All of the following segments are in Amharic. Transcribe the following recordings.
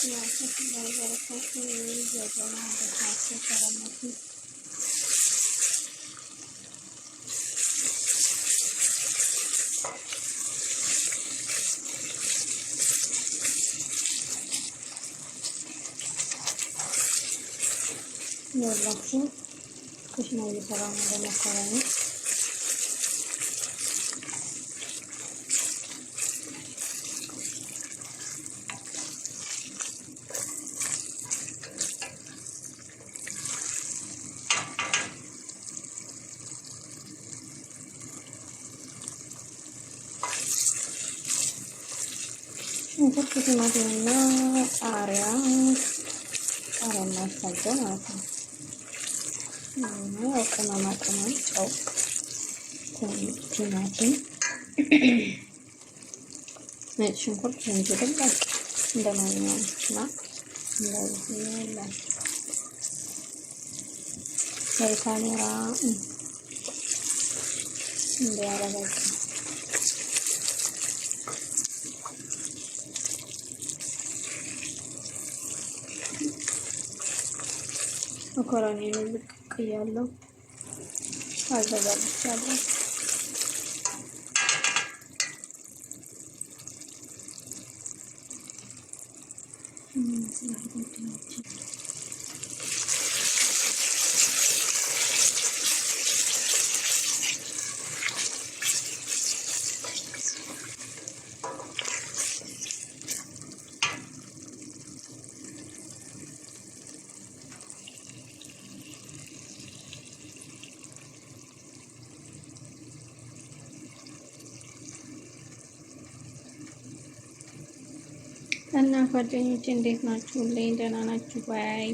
siyasi olaylara karşı yürüyüz ve zamanda karşı karamasın. Ne olacaksın? Kışın ayı ሽንኩርት፣ ቲማቲምና ቃሪያ ቃሪያ ማያስታገው ማለት ነው። ያው ቅመማ ቅመም፣ ጨው፣ ቲማቲም፣ ነጭ ሽንኩርት፣ ዝንጅብል እንደ ማንኛውም ና እንዲያረጋግጥ መኮረኒ ልቅቅ እያለው አዘጋጅቻለሁ። ስላይዶችን እና ጓደኞቼ እንዴት ናችሁ? ሁሌ ደህና ናችሁ? ባይ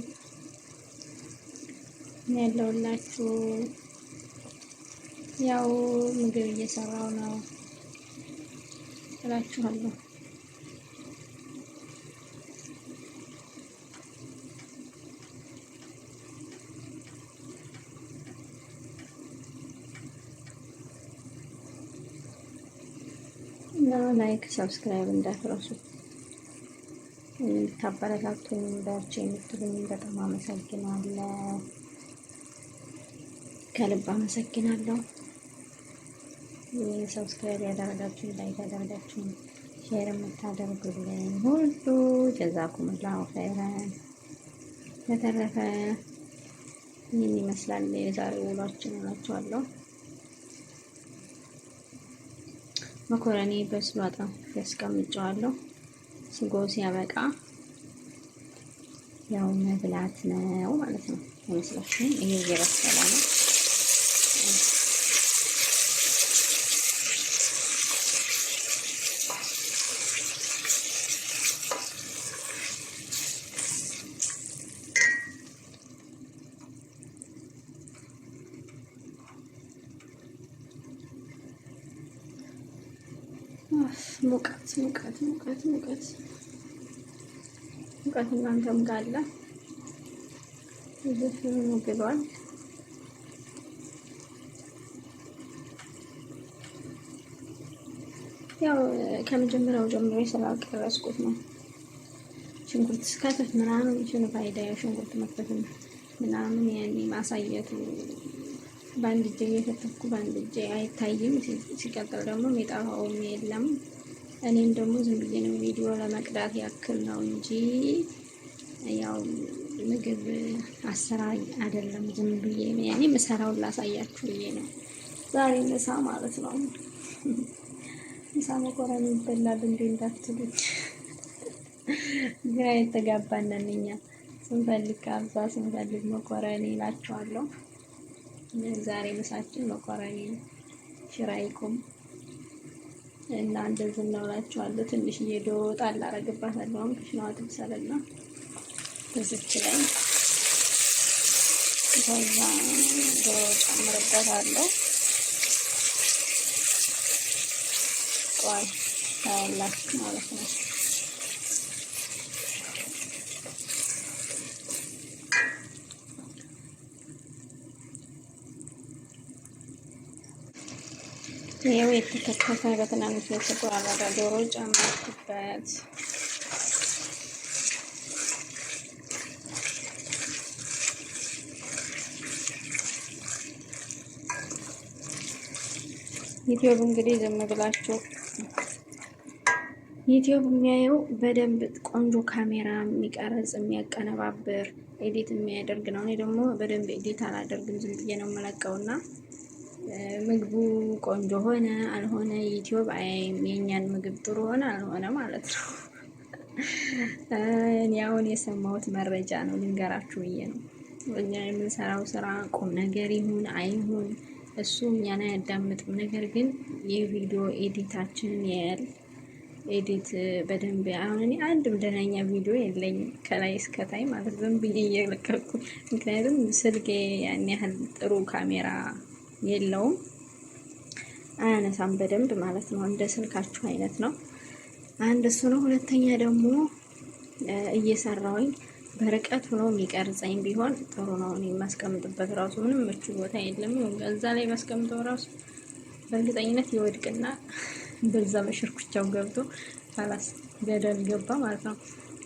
ያለውላችሁ ያው ምግብ እየሰራው ነው እላችኋለሁ። ላይክ ሰብስክራይብ እንዳትረሱ። ታበረታቱኝ በርቺ የምትሉኝ በጣም አመሰግናለሁ። ከልብ አመሰግናለሁ። ሰብስክራይብ ያደረጋችሁን ላይክ ያደረጋችሁኝ፣ ሼር የምታደርጉልኝ ሁሉ ጀዛኩሙላሁ ኸይረን። በተረፈ ይህን ይመስላል የዛሬ ውሏችን እላችኋለሁ። መኮረኒ በስሏጣ ያስቀምጨዋለሁ። ስጎ ሲያበቃ ያው መብላት ነው ማለት ነው። ይመስላችሁ ይሄ እየበሰለ ሙቀት ሙቀት ሙቀት ሙቀት ሙቀት እናንተም ጋለ አለ። እዚህ ያው ከመጀመሪያው ጀምሮ ስላልቀረስኩት ነው። ሽንኩርት ስከትፍ ምናምን ሽን ፋይዳ ሽንኩርት መክተፍም ምናምን ያኔ ማሳየቱ በአንድ እጄ እየከተፍኩ በአንድ እጄ አይታይም። ሲቀጥል ደግሞ የሚጠፋውም የለም። እኔም ደግሞ ዝም ብዬ ነው ቪዲዮ ለመቅዳት ያክል ነው እንጂ ያው ምግብ አሰራር አይደለም። ዝም ብዬ ነው ያኔ ምሰራውን ላሳያችሁ ብዬ ነው። ዛሬ ምሳ ማለት ነው። ምሳ መኮረኒ ይበላል እንዴ እንዳትሉኝ፣ ግራ የተጋባነን እኛ። ስንፈልግ ካብዛ ስንፈልግ መኮረኒ እላችኋለሁ። ዛሬ ምሳችን መኮረኒ ሽራይቁም እና እንደዚህ እናውራቸዋለሁ። ትንሽ ዶሮ ጣል አደርግባታለሁ። አሁን ክሽናዋ ትብሰልና እዚች ላይ ከዛ ዶሮ ጨምርበታለሁ። ቆይ ታያላችሁ ማለት ነው። ይኸው የተከተፈ በትናንሽ የተቆራረጠ ዶሮ ጨመርኩበት። ዩቲዩብ እንግዲህ ዝም ብላችሁ ዩቲዩብ የሚያየው በደንብ ቆንጆ ካሜራ የሚቀርጽ የሚያቀነባብር ኤዲት የሚያደርግ ነው። እኔ ደግሞ በደንብ ኤዲት አላደርግም፣ ዝም ብዬ ነው የምለቀውና ምግቡ ቆንጆ ሆነ አልሆነ ዩቲዩብ አያይም የኛን ምግብ ጥሩ ሆነ አልሆነ ማለት ነው። እኔ አሁን የሰማሁት መረጃ ነው ልንገራችሁ ብዬ ነው። እኛ የምንሰራው ስራ ቁም ነገር ይሁን አይሁን እሱ እኛን አያዳምጥም። ነገር ግን የቪዲዮ ኤዲታችንን ያያል። ኤዲት በደንብ አሁን እኔ አንድም ደህነኛ ቪዲዮ የለኝም ከላይ እስከታይ ማለት ዝም ብዬ እየለቀኩ ምክንያቱም ስልኬ ያን ያህል ጥሩ ካሜራ የለውም። አያነሳም በደንብ ማለት ነው። እንደ ስልካችሁ አይነት ነው። አንድ እሱ ነው። ሁለተኛ ደግሞ እየሰራውኝ በርቀት ሆኖ የሚቀርጸኝ ቢሆን ጥሩ ነው። እኔ የማስቀምጥበት ራሱ ምንም ምቹ ቦታ የለም። እዛ ላይ ማስቀምጠው ራሱ በእርግጠኝነት ይወድቅና በዛ በሽርኩቻው ገብቶ ካላስ ገደል ገባ ማለት ነው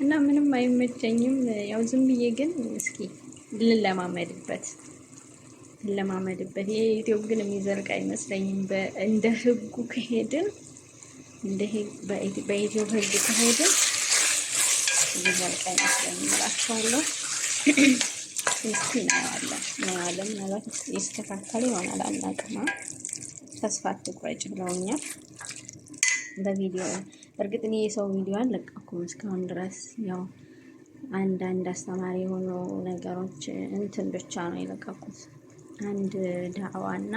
እና ምንም አይመቸኝም። ያው ዝም ብዬ ግን እስኪ ልለማመድበት እንለማመድበት። የዩቲዩብ ግን የሚዘልቅ አይመስለኝም። እንደ ህጉ ከሄድን በኢትዮ ህግ ከሄድን የሚዘልቅ አይመስለኝም እላቸዋለሁ። እስኪ እናያለን እናያለን። ምናልባት ይስተካከል ይሆናል አናቅማ። ተስፋ አትቁረጭ ብለውኛል በቪዲዮ እርግጥ እኔ የሰው ቪዲዮ አልለቀኩም እስካሁን ድረስ ያው አንዳንድ አስተማሪ የሆኑ ነገሮች እንትን ብቻ ነው የለቀኩት። አንድ ዳዕዋና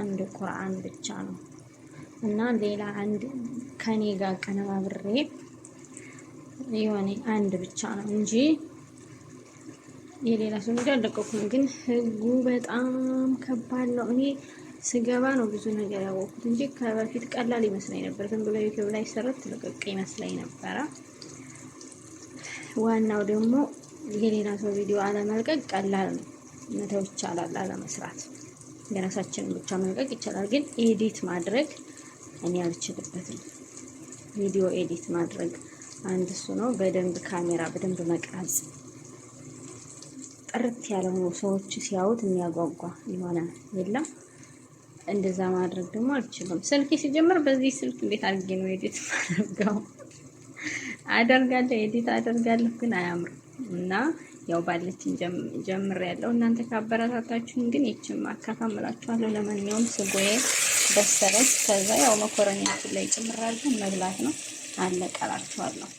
አንድ ቁርአን ብቻ ነው እና ሌላ አንድ ከኔ ጋር ቀነባብሬ የሆነ አንድ ብቻ ነው እንጂ የሌላ ሰው ሚዲያ አልለቀኩም። ግን ህጉ በጣም ከባድ ነው። እኔ ስገባ ነው ብዙ ነገር ያወቅኩት እንጂ ከበፊት ቀላል ይመስለኝ ነበር። ዝም ብሎ ዩቲዩብ ላይ ስረት ለቀቅ ይመስለኝ ነበረ። ዋናው ደግሞ የሌላ ሰው ቪዲዮ አለመልቀቅ ቀላል ነው። መተው ይቻላል አለመስራት። የራሳችንን ብቻ መልቀቅ ይቻላል፣ ግን ኤዲት ማድረግ እኔ አልችልበትም። ቪዲዮ ኤዲት ማድረግ አንድ እሱ ነው። በደንብ ካሜራ በደንብ መቅረጽ ጥርት ያለ ሆኖ ሰዎች ሲያዩት የሚያጓጓ የሆነ የለም። እንደዛ ማድረግ ደግሞ አልችልም። ስልክ ሲጀምር በዚህ ስልክ እንዴት አድርጌ ነው ኤዲት ማድረገው? አደርጋለሁ፣ ኤዲት አደርጋለሁ፣ ግን አያምርም እና ያው ባለችን ጀምር ያለው እናንተ ካበረታታችሁን ግን ይችን አካታምላችኋለሁ። ለማንኛውም ስጎዬ በሰረች። ከዛ ያው መኮረኒያችን ላይ ጭምር መብላት ነው። አለቀላችኋለሁ።